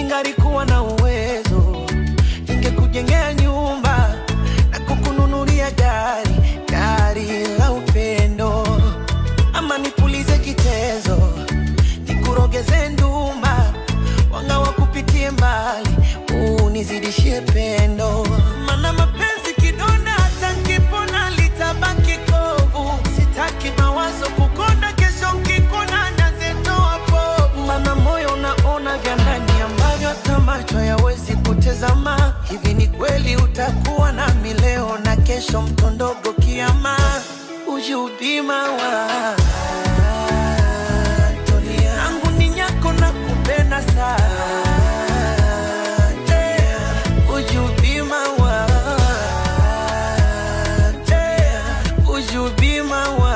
Ningalikuwa na uwezo, ningekujengea nyumba na kukununulia gari, gari la upendo. Ama nipulize kitezo, nikurogeze nduma, wanga wakupitie mbali, unizidishie pendo utakuwa nami leo na kesho, mtondogo kiama ujudima wa ni nyako na wa ujubima wa